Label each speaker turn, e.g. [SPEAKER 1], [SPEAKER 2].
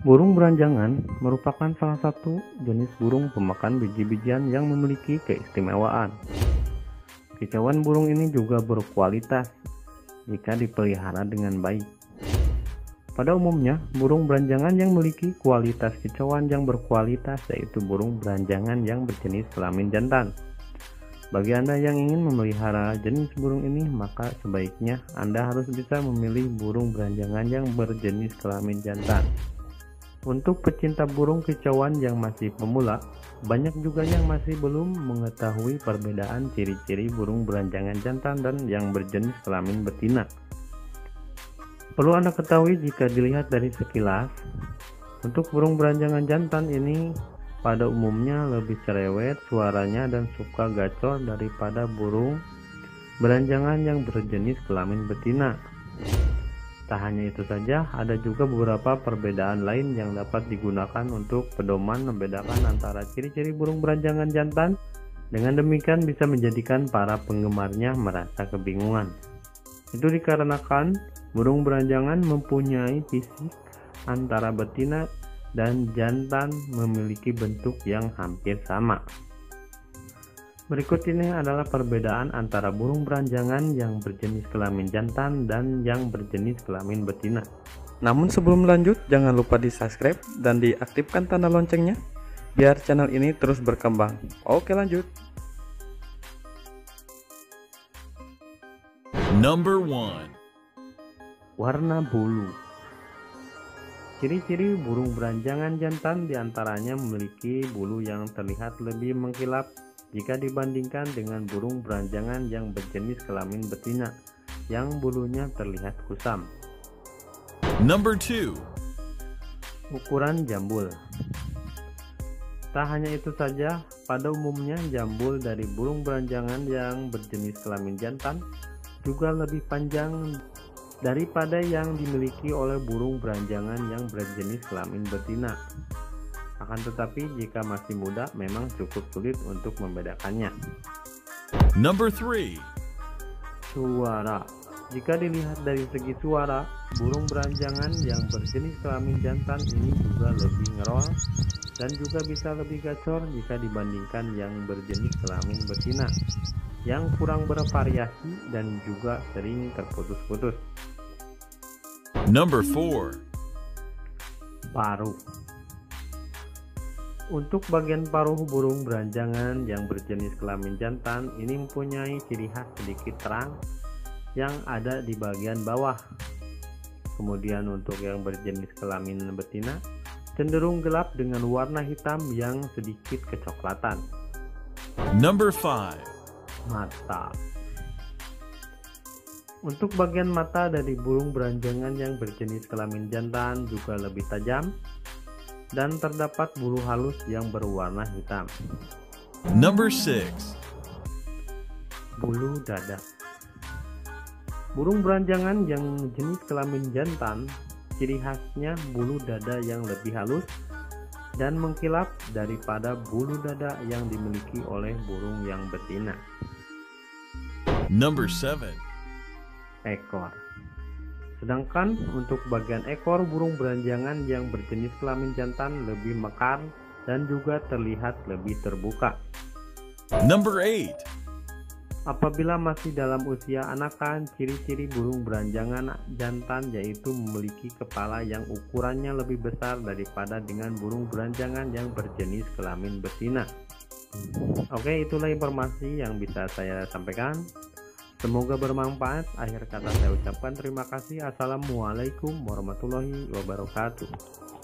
[SPEAKER 1] Burung beranjangan merupakan salah satu jenis burung pemakan biji-bijian yang memiliki keistimewaan. Kicauan burung ini juga berkualitas jika dipelihara dengan baik. Pada umumnya, burung beranjangan yang memiliki kualitas kicauan yang berkualitas yaitu burung beranjangan yang berjenis kelamin jantan. Bagi Anda yang ingin memelihara jenis burung ini, maka sebaiknya Anda harus bisa memilih burung beranjangan yang berjenis kelamin jantan. Untuk pecinta burung kicauan yang masih pemula, banyak juga yang masih belum mengetahui perbedaan ciri-ciri burung beranjangan jantan dan yang berjenis kelamin betina. Perlu Anda ketahui jika dilihat dari sekilas, untuk burung beranjangan jantan ini pada umumnya lebih cerewet suaranya dan suka gacor daripada burung beranjangan yang berjenis kelamin betina. Tak hanya itu saja, ada juga beberapa perbedaan lain yang dapat digunakan untuk pedoman membedakan antara ciri-ciri burung beranjangan jantan. Dengan demikian bisa menjadikan para penggemarnya merasa kebingungan. Itu dikarenakan burung beranjangan mempunyai fisik antara betina dan jantan memiliki bentuk yang hampir sama. Berikut ini adalah perbedaan antara burung beranjangan yang berjenis kelamin jantan dan yang berjenis kelamin betina. Namun sebelum lanjut, jangan lupa di subscribe dan diaktifkan tanda loncengnya, biar channel ini terus berkembang. Oke lanjut. Number one. Warna bulu Ciri-ciri burung beranjangan jantan diantaranya memiliki bulu yang terlihat lebih mengkilap jika dibandingkan dengan burung beranjangan yang berjenis kelamin betina yang bulunya terlihat kusam. Number two. Ukuran jambul. Tak hanya itu saja, pada umumnya jambul dari burung beranjangan yang berjenis kelamin jantan juga lebih panjang daripada yang dimiliki oleh burung beranjangan yang berjenis kelamin betina. Akan tetapi jika masih muda memang cukup sulit untuk membedakannya. Number three. Suara. Jika dilihat dari segi suara, burung beranjangan yang berjenis kelamin jantan ini juga lebih ngerol dan juga bisa lebih gacor jika dibandingkan yang berjenis kelamin betina yang kurang bervariasi dan juga sering terputus-putus. Number 4 baru. Untuk bagian paruh burung beranjangan yang berjenis kelamin jantan ini mempunyai ciri khas sedikit terang yang ada di bagian bawah. Kemudian untuk yang berjenis kelamin betina cenderung gelap dengan warna hitam yang sedikit kecoklatan. Number 5. Mata. Untuk bagian mata dari burung beranjangan yang berjenis kelamin jantan juga lebih tajam dan terdapat bulu halus yang berwarna hitam. Number 6. Bulu dada. Burung beranjangan yang jenis kelamin jantan, ciri khasnya bulu dada yang lebih halus dan mengkilap daripada bulu dada yang dimiliki oleh burung yang betina. Number 7. Ekor. Sedangkan untuk bagian ekor burung beranjangan yang berjenis kelamin jantan lebih mekar dan juga terlihat lebih terbuka. Number 8. Apabila masih dalam usia anakan, ciri-ciri burung beranjangan jantan yaitu memiliki kepala yang ukurannya lebih besar daripada dengan burung beranjangan yang berjenis kelamin betina. Oke, itulah informasi yang bisa saya sampaikan. Semoga bermanfaat. Akhir kata saya ucapkan terima kasih. Assalamualaikum warahmatullahi wabarakatuh.